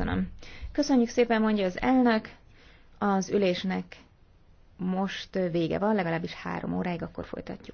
Köszönöm. Köszönjük szépen, mondja az elnök. Az ülésnek most vége van, legalábbis három óráig, akkor folytatjuk.